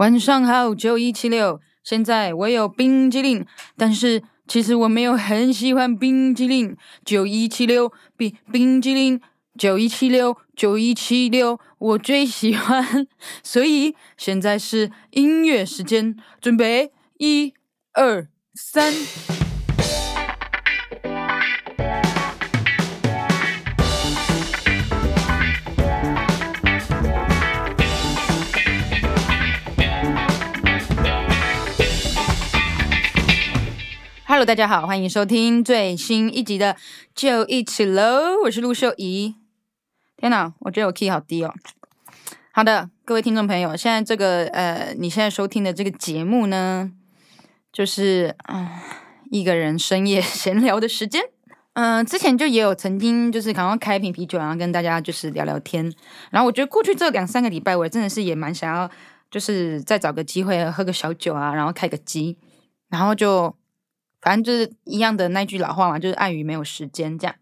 晚上好，九一七六。現在我有冰淇淋，但是其實我沒有很喜歡冰淇淋。九一七六比冰淇淋，九一七六，九一七六，我最喜歡。所以現在是音樂時間，準備一二三。1, 2, 大家好，歡迎收聽最新一集的《就一起嘍》，我是陸秀怡。天吶，我覺得我 key 好低哦。好的，各位聽眾朋友，現在這個呃，你現在收聽的這個節目呢，就是嗯、呃，一個人深夜閒聊的時間。嗯、呃，之前就也有曾經就是想要開一瓶啤酒，然後跟大家就是聊聊天。然後我覺得過去這兩三個禮拜，我真的是也蠻想要就是再找個機會喝個小酒啊，然後開個機，然後就。反正就是一樣的那句老話嘛，就是礙於沒有時間這樣。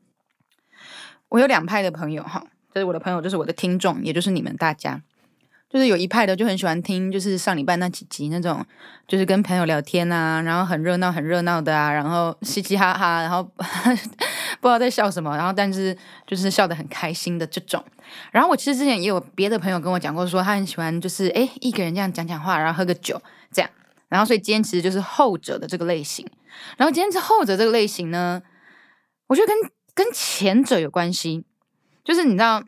我有兩派的朋友哈，這是我的朋友，就是我的聽眾，也就是你們大家，就是有一派的就很喜歡聽，就是上禮拜那幾集那種，就是跟朋友聊天啊，然後很熱鬧很熱鬧的啊，然後嘻嘻哈哈，然後 不知道在笑什麼，然後但是就是笑得很開心的這種。然後我其實之前也有別的朋友跟我講過，說他很喜歡就是誒一個人這樣講講話，然後喝個酒這樣。然後，所以今天其實就是後者的這個類型。然後，今天後者這個類型呢，我覺得跟跟前者有關係。就是你知道，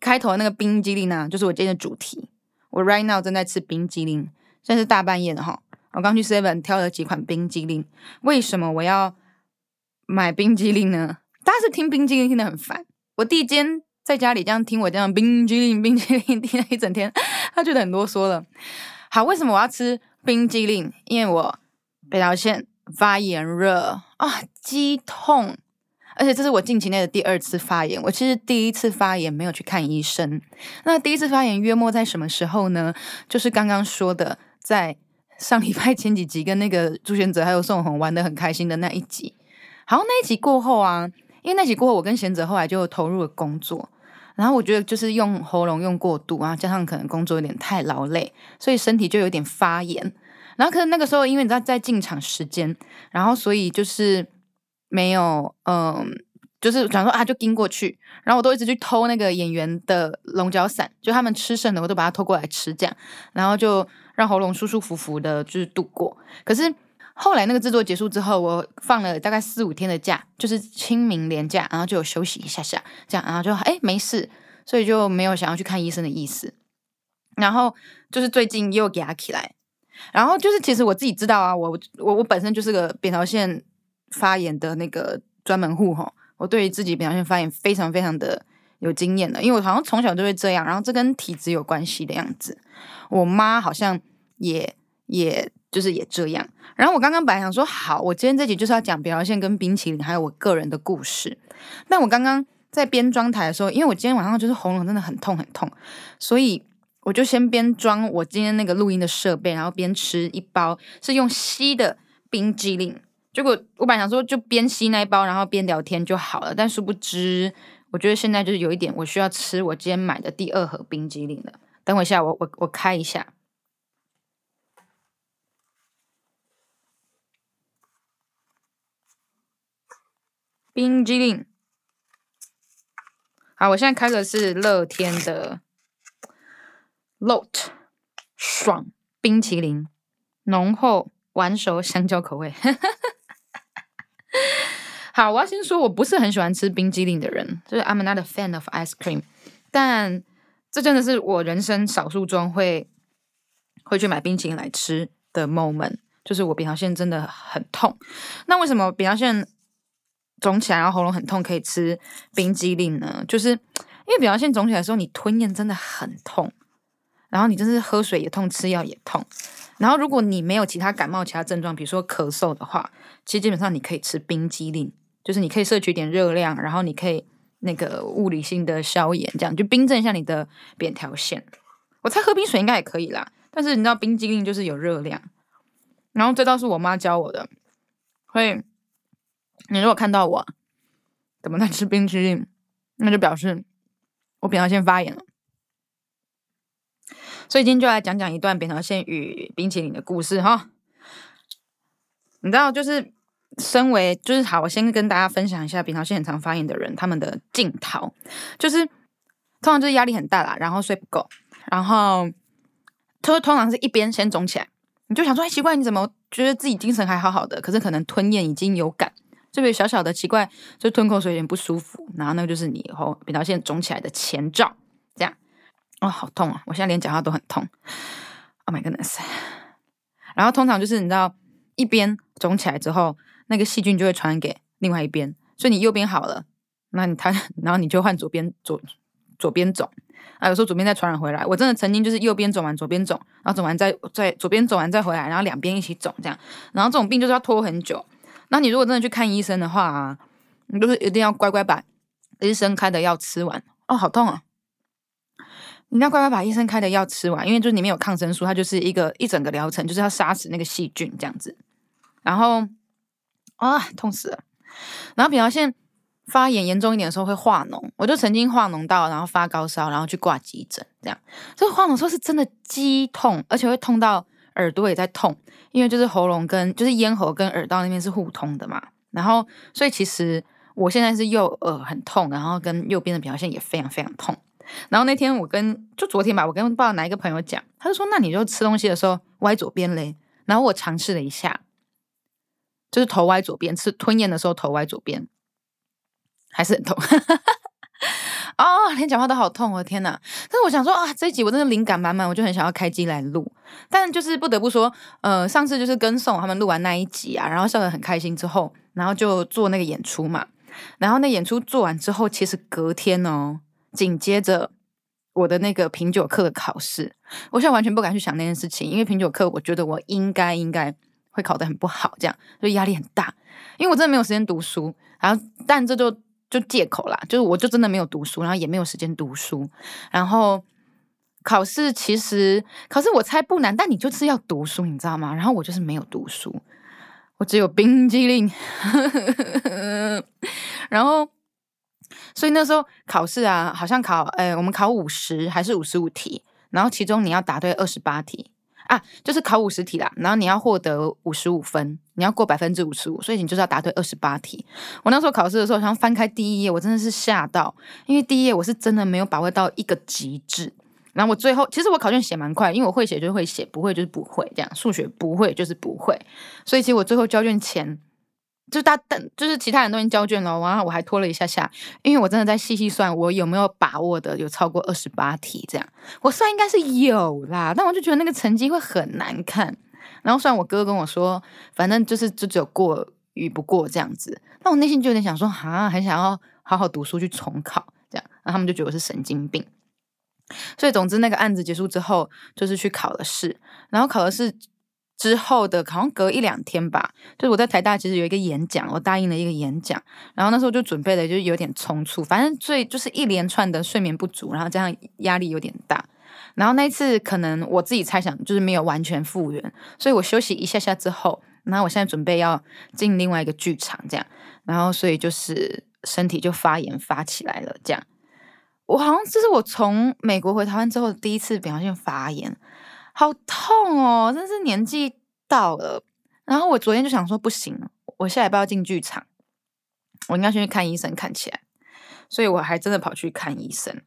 開頭那個冰激凌啊，就是我今天的主題。我 right now 正在吃冰激凌，現在是大半夜的哈、哦。我剛去 Seven 挑了幾款冰激凌。為什麼我要買冰激凌呢？大家是聽冰激凌聽得很煩。我第一間在家裡這樣聽我這樣冰激凌冰激凌聽了一整天，他覺得很囉嗦了。好，為什麼我要吃？冰機令，因為我扁桃腺發炎熱啊，肌痛，而且這是我近期內的第二次發炎。我其實第一次發炎沒有去看醫生。那第一次發炎約莫在什麼時候呢？就是剛剛說的，在上禮拜前幾集跟那個朱賢澤還有宋紅玩的很開心的那一集。好，那一集過後啊，因為那集過後我跟賢澤後來就投入了工作。然後我覺得就是用喉嚨用過度啊，加上可能工作有點太勞累，所以身體就有點發炎。然後可是那個時候，因為你知道在進場時間，然後所以就是沒有嗯、呃，就是想說啊就盯過去，然後我都一直去偷那個演員的龍角散，就他們吃剩的我都把它偷過來吃，這樣，然後就讓喉嚨舒舒服服的，就是度過。可是。後來那個製作結束之後，我放了大概四五天的假，就是清明連假，然後就有休息一下下，這樣，然後就誒、欸、沒事，所以就沒有想要去看醫生的意思。然後就是最近又給他起來，然後就是其實我自己知道啊，我我我本身就是個扁桃腺發炎的那個專門戶吼，我對於自己扁桃腺發炎非常非常的有經驗的，因為我好像從小就會這樣，然後這跟體質有關係的樣子。我媽好像也也。就是也這樣，然後我剛剛本來想說，好，我今天這集就是要講扁桃腺跟冰淇淋，還有我個人的故事。但我剛剛在邊裝台的時候，因為我今天晚上就是喉嚨真的很痛很痛，所以我就先邊裝我今天那個錄音的設備，然後邊吃一包是用吸的冰淇淋。結果我本來想說就邊吸那一包，然後邊聊天就好了，但殊不知，我覺得現在就是有一點，我需要吃我今天買的第二盒冰淇淋了。等我一下，我我我開一下。冰激凌，好，我現在開的是樂天的 LOTTE 爽冰淇淋，濃厚完熟香蕉口味。 好，我要先說，我不是很喜歡吃冰激凌的人，就是 I'm not a fan of ice cream。但這真的是我人生少數中會會去買冰淇淋來吃的 moment，就是我扁桃腺真的很痛。那為什麼扁桃腺？腫起來，然後喉嚨很痛，可以吃冰激凌呢？就是因為扁桃腺腫起來的時候，你吞咽真的很痛，然後你就是喝水也痛，吃藥也痛。然後如果你沒有其他感冒其他症狀，比如說咳嗽的話，其實基本上你可以吃冰激凌，就是你可以攝取一點熱量，然後你可以那個物理性的消炎，這樣就冰鎮一下你的扁桃腺。我猜喝冰水應該也可以啦，但是你知道冰激凌就是有熱量。然後這倒是我媽教我的，會。你如果看到我怎麼在吃冰淇淋，那就表示我扁桃腺發炎了。所以今天就來講講一段扁桃腺與冰淇淋的故事哈。你知道，就是身為就是好，我先跟大家分享一下扁桃腺很常發炎的人他們的鏡頭，就是通常就是壓力很大啦，然後睡不夠，然後他通常是一邊先腫起來，你就想說，哎，奇怪，你怎麼覺得自己精神還好好的，可是可能吞咽已經有感。特別小小的奇怪，就吞口水有點不舒服，然後那個就是你以後扁桃腺腫起來的前兆，這樣，哦，好痛啊！我現在連講話都很痛，Oh my goodness！然後通常就是你知道，一邊腫起來之後，那個細菌就會傳染給另外一邊，所以你右邊好了，那你它，然後你就換左邊左左邊腫，啊，有時候左邊再傳染回來，我真的曾經就是右邊腫完，左邊腫，然後腫完再再左邊腫完再回來，然後兩邊一起腫這樣，然後這種病就是要拖很久。那你如果真的去看醫生的話，啊，你就是一定要乖乖把醫生開的藥吃完哦。好痛啊！你要乖乖把醫生開的藥吃完，因為就是裡面有抗生素，它就是一個一整個療程，就是要殺死那個細菌這樣子。然後啊，痛死了！然後扁桃腺發炎嚴重一點的時候會化膿，我就曾經化膿到然後發高燒，然後去掛急診這樣。這個化膿的時候是真的激痛，而且會痛到。耳朵也在痛，因為就是喉嚨跟就是咽喉跟耳道那邊是互通的嘛，然後所以其實我現在是右耳很痛，然後跟右邊的表現也非常非常痛。然後那天我跟就昨天吧，我跟爸爸哪一個朋友講，他就說，那你就吃東西的時候歪左邊嘞。然後我嘗試了一下，就是頭歪左邊吃吞嚥的時候頭歪左邊，還是很痛。 哦， oh, 連講話都好痛哦，我的天吶！但是我想說啊，這一集我真的靈感滿滿，我就很想要開機來錄。但就是不得不說，呃，上次就是跟宋他們錄完那一集啊，然後笑得很開心之後，然後就做那個演出嘛。然後那演出做完之後，其實隔天哦，緊接着我的那個品酒課的考試，我現在完全不敢去想那件事情，因為品酒課我覺得我應該應該會考得很不好，這樣就壓力很大。因為我真的沒有時間讀書，然後，啊，但這就。就借口啦，就是我就真的沒有讀書，然後也沒有時間讀書，然後考試，其實考試我猜不難，但你就是要讀書，你知道嗎？然後我就是沒有讀書，我只有冰機令， 然後所以那時候考試啊，好像考誒、欸、我們考五十還是五十五題，然後其中你要答對二十八題。啊，就是考五十題啦，然後你要獲得五十五分，你要過百分之五十五，所以你就是要答對二十八題。我那時候考試的時候，想翻開第一頁，我真的是嚇到，因為第一頁我是真的沒有把握到一個極致。然後我最後，其實我考卷寫蠻快，因為我會寫就會寫，不會就是不會這樣。數學不會就是不會，所以其實我最後交卷前。就大家等，就是其他人都已經交卷了，然後我還拖了一下下，因為我真的在細細算，我有沒有把握的有超過二十八題這樣，我算應該是有啦，但我就覺得那個成績會很難看。然後雖然我哥跟我說，反正就是就只有過與不過這樣子，但我內心就有點想說，啊，很想要好好讀書去重考這樣。然後他們就覺得我是神經病。所以總之那個案子結束之後，就是去考了試，然後考了試。之後的，好像隔一兩天吧，就是我在台大其實有一個演講，我答應了一個演講，然後那時候就準備了，就是有點匆促，反正最就是一連串的睡眠不足，然後加上壓力有點大，然後那一次可能我自己猜想就是沒有完全復原，所以我休息一下下之後，然後我現在準備要進另外一個劇場這樣，然後所以就是身體就發炎發起來了這樣，我好像這是我從美國回台灣之後第一次扁桃腺發炎。好痛哦！真是年紀到了。然後我昨天就想說不行，我下禮拜要進劇場，我應該先去看醫生看起來。所以我還真的跑去看醫生。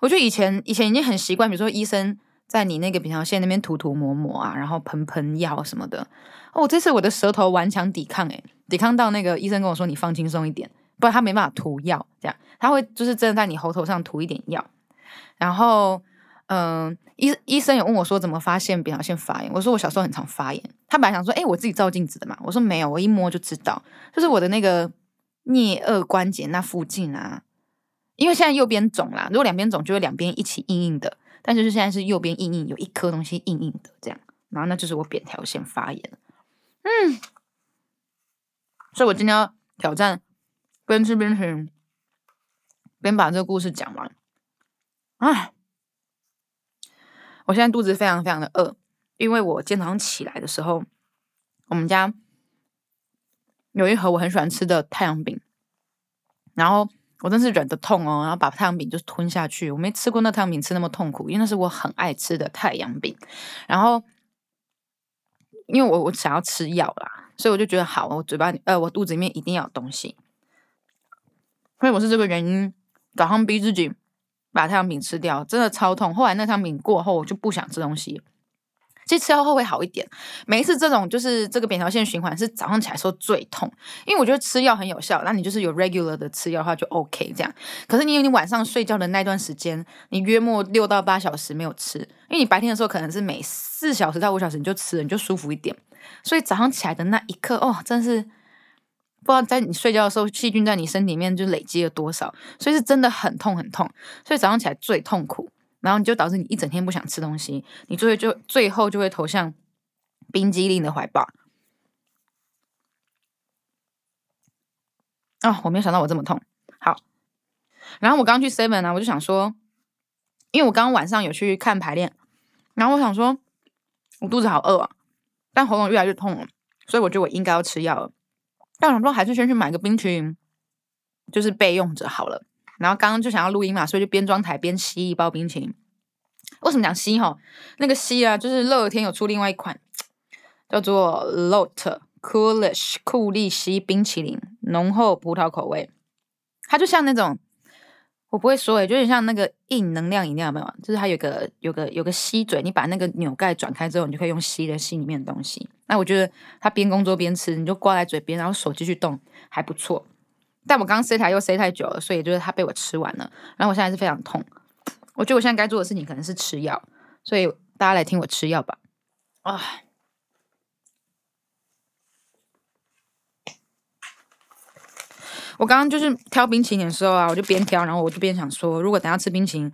我就以前以前已經很習慣，比如說醫生在你那個扁桃腺那邊塗塗抹抹啊，然後噴噴藥什麼的。哦，這次我的舌頭頑強抵抗、欸，誒抵抗到那個醫生跟我說你放輕鬆一點，不然他沒辦法塗藥。這樣他會就是真的在你喉頭上塗一點藥，然後嗯。呃醫醫生也問我說，怎麼發現扁桃腺發炎？我說我小時候很常發炎。他本來想說，哎、欸，我自己照鏡子的嘛。我說沒有，我一摸就知道，就是我的那個顳顎關節那附近啊。因為現在右邊腫啦，如果兩邊腫，就會兩邊一起硬硬的。但就是現在是右邊硬硬，有一顆東西硬硬的這樣。然後那就是我扁桃腺發炎。嗯，所以我今天要挑戰邊吃邊吃邊把這個故事講完。哎、啊。我現在肚子非常非常的餓，因為我今天早上起來的時候，我們家有一盒我很喜歡吃的太陽餅，然後我真是忍著痛哦，然後把太陽餅就是吞下去，我沒吃過那太陽餅吃那麼痛苦，因為那是我很愛吃的太陽餅。然後因為我我想要吃藥啦，所以我就覺得好，我嘴巴呃我肚子裡面一定要有東西，所以我是這個原因早上逼自己。把太陽餅吃掉，真的超痛。後來那太陽餅過後，我就不想吃東西。其實吃藥後會好一點。每一次這種就是這個扁桃腺循環，是早上起來時候最痛，因為我覺得吃藥很有效。那你就是有 regular 的吃藥的話，就 OK 這樣。可是你你晚上睡覺的那段時間，你約莫六到八小時沒有吃，因為你白天的時候可能是每四小時到五小時你就吃了，你就舒服一點。所以早上起來的那一刻，哦，真的是。不知道在你睡覺的時候，細菌在你身體裡面就累積了多少，所以是真的很痛很痛，所以早上起來最痛苦，然後你就導致你一整天不想吃東西，你最後就最後就會投向冰淇淋的懷抱。啊、哦，我沒有想到我這麼痛。好，然後我剛去 seven 啊，我就想說，因為我剛剛晚上有去看排練，然後我想說，我肚子好餓啊，但喉嚨越來越痛了，所以我覺得我應該要吃藥了。但我說還是先去買個冰淇淋，就是備用着好了。然後剛剛就想要錄音嘛，所以就邊裝台邊吸一包冰淇淋。為什麼講吸哈？那個吸啊，就是樂天有出另外一款叫做 LOTTE Coolish 酷立吸冰淇淋，濃厚葡萄口味，它就像那種。我不會說誒、欸，有點像那個硬能量飲料，有沒有？就是它有個、有個、有個吸嘴，你把那個鈕蓋轉開之後，你就可以用吸的吸裡面的東西。那我覺得它邊工作邊吃，你就掛在嘴邊，然後手繼續動，還不錯。但我剛剛塞台又塞太久了，所以就是它被我吃完了。然後我現在是非常痛，我覺得我現在該做的事情可能是吃藥，所以大家來聽我吃藥吧。唉、啊。我剛剛就是挑冰淇淋的時候啊，我就邊挑，然後我就邊想說，如果等下吃冰淇淋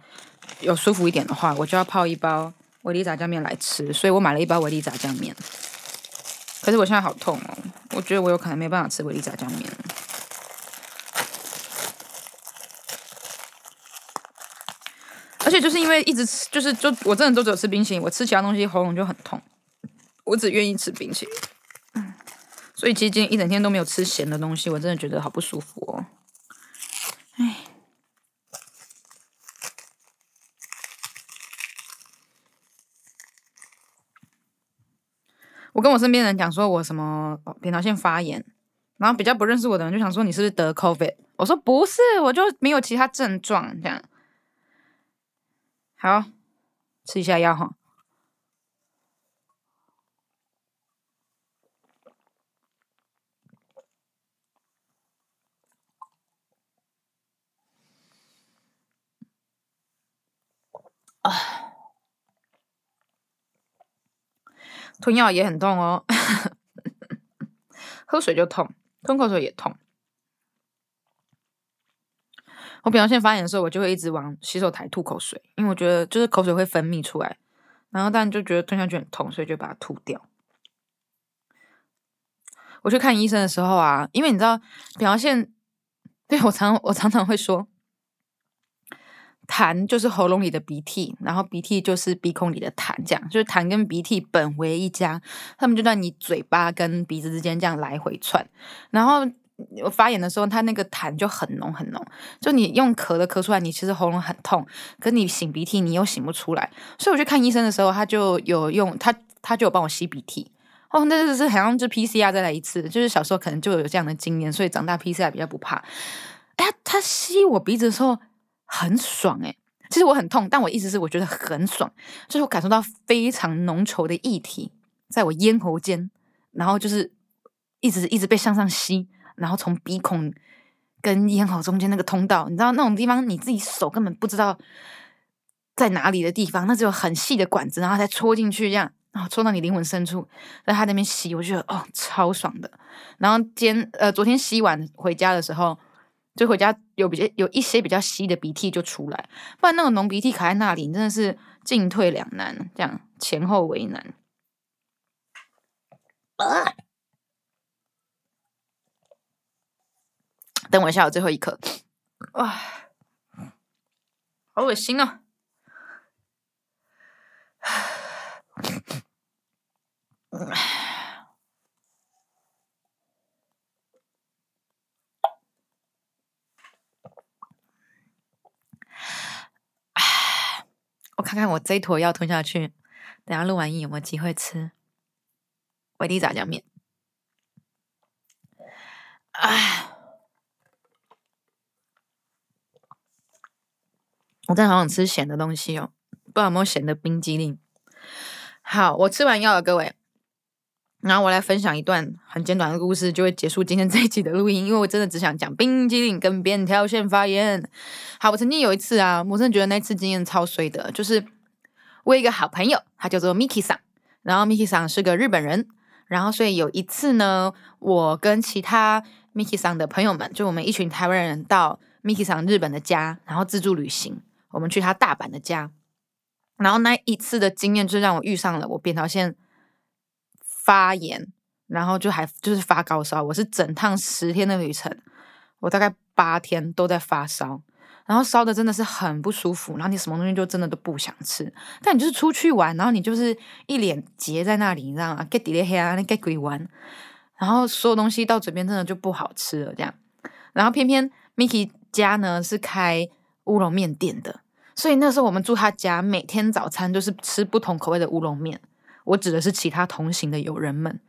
有舒服一點的話，我就要泡一包維力炸醬麵來吃，所以我買了一包維力炸醬麵。可是我現在好痛哦，我覺得我有可能沒辦法吃維力炸醬麵了。而且就是因為一直吃，就是就我真的都只有吃冰淇淋，我吃其他東西喉嚨就很痛，我只願意吃冰淇淋。所以今天一整天都沒有吃鹹的東西，我真的覺得好不舒服哦。哎，我跟我身邊人講說我什麼哦，扁桃腺發炎，然後比較不認識我的人就想說你是不是得 COVID，我說不是，我就沒有其他症狀這樣。好，吃一下藥哈。啊，吞藥也很痛哦， 喝水就痛，吞口水也痛。我扁桃腺發炎的時候，我就會一直往洗手台吐口水，因為我覺得就是口水會分泌出來，然後但就覺得吞下去很痛，所以就把它吐掉。我去看醫生的時候啊，因為你知道，扁桃腺，對，我常我常常會說。痰就是喉嚨裡的鼻涕，然後鼻涕就是鼻孔裡的痰，這樣就是痰跟鼻涕本為一家，他們就在你嘴巴跟鼻子之間這樣來回竄。然後我發炎的時候，他那個痰就很濃很濃，就你用咳的咳出來，你其實喉嚨很痛，可你擤鼻涕你又擤不出來。所以我去看醫生的時候，他就有用他，他就有幫我吸鼻涕哦，那就是好像就 PCR 再來一次，就是小時候可能就有這樣的經驗，所以長大 PCR 比較不怕。哎、欸，他吸我鼻子的時候。很爽誒、欸，其實我很痛，但我意思是我覺得很爽，就是我感受到非常濃稠的液體在我咽喉間，然後就是一直一直被向上吸，然後從鼻孔跟咽喉中間那個通道，你知道那種地方你自己手根本不知道在哪裡的地方，那只有很細的管子，然後再戳進去這樣，然後戳到你靈魂深處，他在他那邊吸，我覺得哦超爽的。然後今天呃昨天吸完回家的時候。就回家有比較有一些比較稀的鼻涕，就出來，不然那個濃鼻涕卡在那裡，你真的是進退兩難，這樣前後為難。啊！等我一下，我最後一刻。哇、啊，好噁心啊。看看我這坨藥吞下去，等下錄完音有沒有機會吃維力炸醬麵？哎，我真的好想吃鹹的東西哦，不知道有沒有鹹的冰激凌。好，我吃完藥了，各位。然後我來分享一段很簡短的故事，就會結束今天這一期的錄音，因為我真的只想講冰淇淋跟扁桃腺發炎。好，我曾經有一次啊，我真的覺得那次經驗超衰的，就是我有一個好朋友，他叫做 Miki 桑，然後 Miki 桑是個日本人，然後所以有一次呢，我跟其他 Miki 桑的朋友們，就我們一群台灣人到 Miki 桑日本的家，然後自助旅行，我們去他大阪的家，然後那一次的經驗就讓我遇上了我扁桃腺。發炎，然後就還就是發高燒。我是整趟十天的旅程，我大概八天都在發燒，然後燒的真的是很不舒服。然後你什麼東西就真的都不想吃，但你就是出去玩，然後你就是一臉結在那裡，你知道嗎？Get 黑啊，Get 鬼玩。然後所有東西到嘴邊真的就不好吃了，這樣。然後偏偏 Miki 家呢是開烏龍麵店的，所以那時候我們住他家，每天早餐都是吃不同口味的烏龍麵。我指的是其他同行的友人們，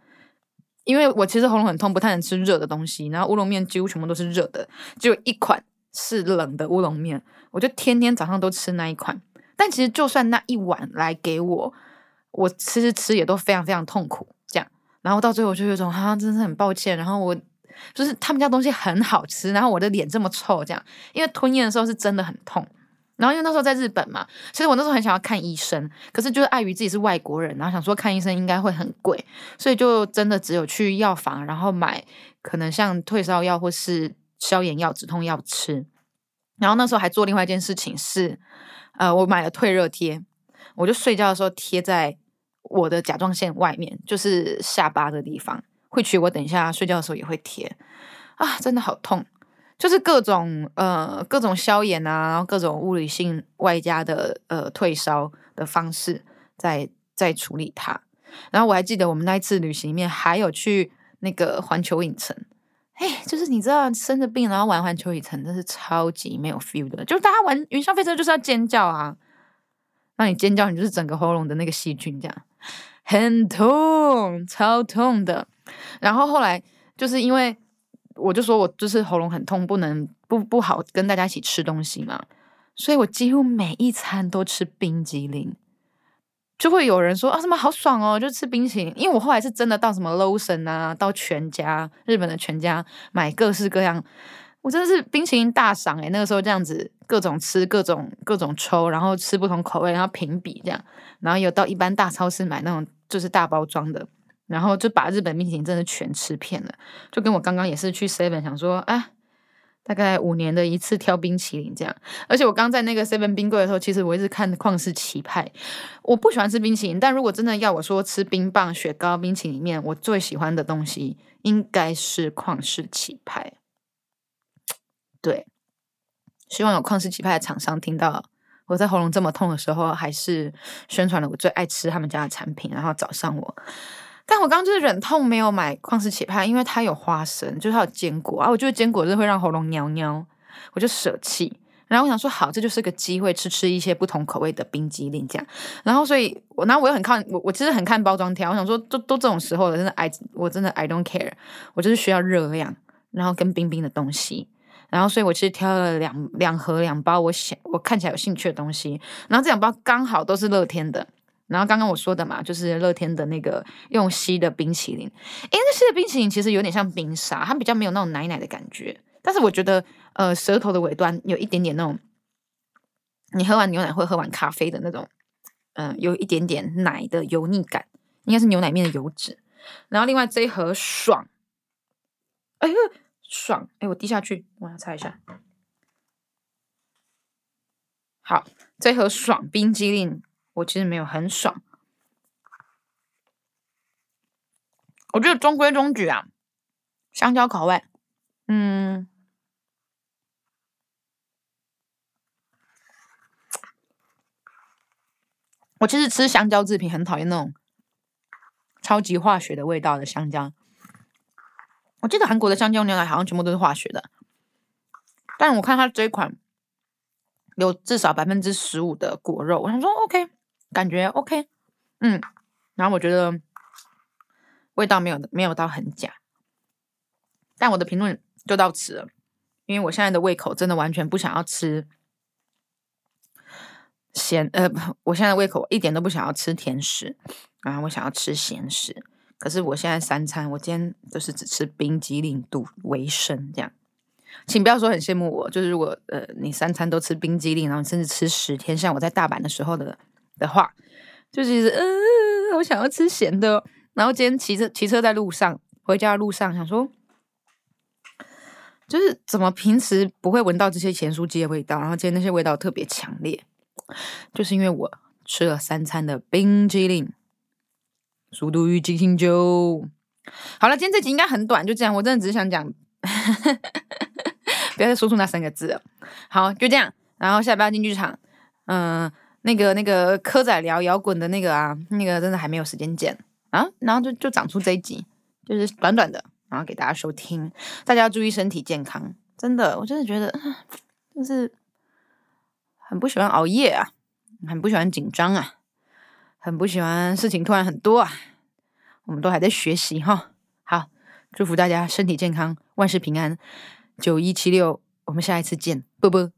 因為我其實喉嚨很痛，不太能吃熱的東西。然後烏龍麵幾乎全部都是熱的，只有一款是冷的烏龍麵，我就天天早上都吃那一款。但其實就算那一碗來給我，我其實吃也都非常非常痛苦。這樣，然後到最後就有一種啊，真的很抱歉。然後我就是他們家東西很好吃，然後我的臉這麼臭，這樣，因為吞咽的時候是真的很痛。然後因為那時候在日本嘛，其實我那時候很想要看醫生，可是就是礙於自己是外國人，然後想說看醫生應該會很貴，所以就真的只有去藥房，然後買可能像退燒藥或是消炎藥、止痛藥吃。然後那時候還做另外一件事情是，呃，我買了退熱貼，我就睡覺的時候貼在我的甲狀腺外面，就是下巴的地方。會取我等一下睡覺的時候也會貼，啊，真的好痛。就是各種呃各種消炎啊，然後各種物理性外加的呃退燒的方式在在處理它。然後我還記得我們那一次旅行裡面還有去那個環球影城，誒，就是你知道生着病然後玩環球影城，真是超級沒有 feel 的。就是大家玩雲霄飛車就是要尖叫啊，讓你尖叫，你就是整個喉嚨的那個細菌這樣很痛，超痛的。然後後來就是因為。我就說，我就是喉嚨很痛，不能不不好跟大家一起吃東西嘛，所以我幾乎每一餐都吃冰淇淋，就會有人說啊什麼好爽哦，就吃冰淇淋。因為我後來是真的到什麼 Lawson 啊，到全家，日本的全家買各式各樣，我真的是冰淇淋大賞誒，那個時候這樣子各種吃各種各種抽，然後吃不同口味，然後評比這樣，然後有到一般大超市買那種就是大包裝的。然後就把日本冰淇淋真的全吃遍了，就跟我剛剛也是去 seven 想說，哎、啊，大概五年的一次挑冰淇淋這樣。而且我剛在那個 seven 冰櫃的時候，其實我一直看的曠世奇派。我不喜歡吃冰淇淋，但如果真的要我說吃冰棒、雪糕、冰淇淋裡面，我最喜歡的東西應該是曠世奇派。對，希望有曠世奇派的廠商聽到我在喉嚨這麼痛的時候，還是宣傳了我最愛吃他們家的產品，然後找上我。但我剛剛就是忍痛沒有買曠世奇派，因為它有花生，就是它有堅果啊。我覺得堅果就會讓喉嚨黏黏，我就捨棄。然後我想說，好，這就是個機會吃，吃吃一些不同口味的冰激凌這樣。然後，所以我，然後我又很看我，我其實很看包裝挑。我想說，都都這種時候了，真的，I 我真的 I don't care，我就是需要熱量，然後跟冰冰的東西。然後，所以我其實挑了兩兩盒兩包，我想我看起來有興趣的東西。然後這兩包剛好都是樂天的。然後剛剛我說的嘛，就是樂天的那個用吸的冰淇淋。哎，那吸的冰淇淋其實有點像冰沙，它比較沒有那種奶奶的感覺。但是我覺得，呃，舌頭的尾端有一點點那種，你喝完牛奶會喝完咖啡的那種，嗯、呃，有一點點奶的油膩感，應該是牛奶面的油脂。然後另外這一盒爽，哎呦爽，哎，我滴下去，我要擦一下。好，這盒爽冰淇淋。我其實沒有很爽，我覺得中規中矩啊。香蕉口味，嗯，我其實吃香蕉製品很討厭那種超級化學的味道的香蕉。我記得韓國的香蕉牛奶好像全部都是化學的，但我看它這一款有至少百分之十五的果肉，我想說 OK。感覺 OK，嗯，然後我覺得味道沒有沒有到很假，但我的評論就到此了，因為我現在的胃口真的完全不想要吃鹹呃，不，我現在的胃口一點都不想要吃甜食，然後我想要吃鹹食，可是我現在三餐，我今天就是只吃冰淇淋度為生這樣，請不要說很羨慕我，就是如果呃你三餐都吃冰淇淋，然後甚至吃十天，像我在大阪的時候的。的話，就是嗯、呃，我想要吃鹹的。然後今天騎車，騎車在路上，回家的路上，想說，就是怎麼平時不會聞到這些鹹酥雞的味道，然後今天那些味道特別強烈，就是因為我吃了三餐的冰淇淋、速度與激情酒。好了，今天這集應該很短，就這樣。我真的只是想講， 不要再說出那三個字了。好，就這樣。然後下班要進劇場，嗯。那個那個蚵仔寮搖滾的那個啊，那個真的還沒有時間剪，啊，然後就就長出這一集，就是短短的，然後給大家收聽。大家要注意身體健康，真的，我真的覺得就是很不喜歡熬夜啊，很不喜歡緊張啊，很不喜歡事情突然很多啊。我們都還在學習哈，好，祝福大家身體健康，萬事平安。九一七六，我們下一次見，啵啵。